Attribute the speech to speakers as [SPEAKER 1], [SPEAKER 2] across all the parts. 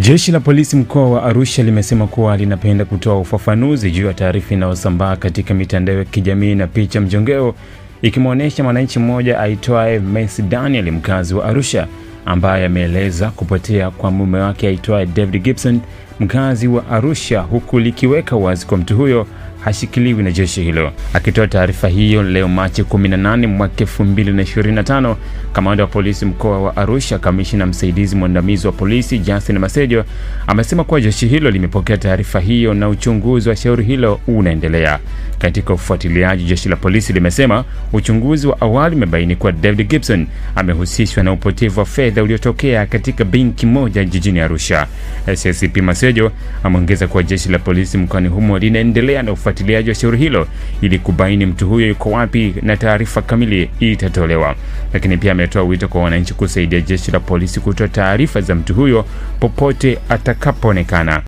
[SPEAKER 1] Jeshi la polisi mkoa wa Arusha limesema kuwa linapenda kutoa ufafanuzi juu ya taarifa inayosambaa katika mitandao ya kijamii na picha mjongeo ikimwonyesha mwananchi mmoja aitwaye Messi Daniel mkazi wa Arusha ambaye ameeleza kupotea kwa mume wake aitwaye David Gibson mkazi wa Arusha huku likiweka wazi kwa mtu huyo hashikiliwi na jeshi hilo. Akitoa taarifa hiyo leo Machi 18 mwaka 2025, kamanda wa polisi mkoa wa Arusha, kamishina msaidizi mwandamizi wa polisi Justin Masejo amesema kuwa jeshi hilo limepokea taarifa hiyo na uchunguzi wa shauri hilo unaendelea. Katika ufuatiliaji, jeshi la polisi limesema uchunguzi wa awali umebaini kuwa David Gibson amehusishwa na upotevu wa fedha uliotokea katika benki moja jijini Arusha. SSP Masejo ameongeza kuwa jeshi la polisi mkoani humo linaendelea na ufuatiliaji wa shauri hilo ili kubaini mtu huyo yuko wapi na taarifa kamili itatolewa. Lakini pia ametoa wito kwa wananchi kusaidia jeshi la polisi kutoa taarifa za mtu huyo popote atakapoonekana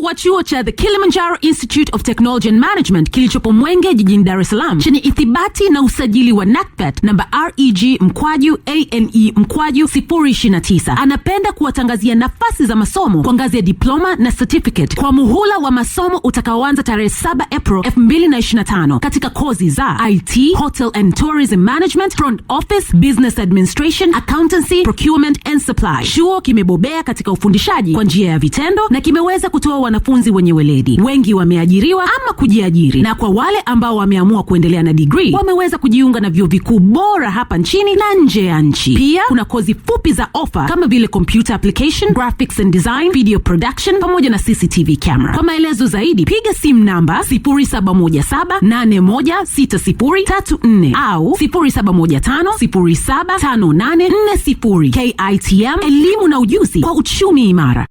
[SPEAKER 2] wa chuo cha The Kilimanjaro Institute of Technology and Management kilichopo Mwenge jijini Dar es Salaam chenye ithibati na usajili wa NACTVET namba REG mkwaju ANE mkwaju 29 anapenda kuwatangazia nafasi za masomo kwa ngazi ya diploma na certificate kwa muhula wa masomo utakaoanza tarehe 7 April 225 katika kozi za IT, Hotel and Tourism Management, Front Office, Business Administration, Accountancy, Procurement and Supply. Chuo kimebobea katika ufundishaji kwa njia ya vitendo na kimeweza kutoa wanafunzi wenye weledi. Wengi wameajiriwa ama kujiajiri, na kwa wale ambao wameamua kuendelea na digrii wameweza kujiunga na vyuo vikuu bora hapa nchini na nje ya nchi. Pia kuna kozi fupi za offer kama vile computer application, graphics and design, video production pamoja na CCTV camera. Kwa maelezo zaidi piga simu namba 0717816034 au 0715075840. KITM, elimu na ujuzi kwa uchumi imara.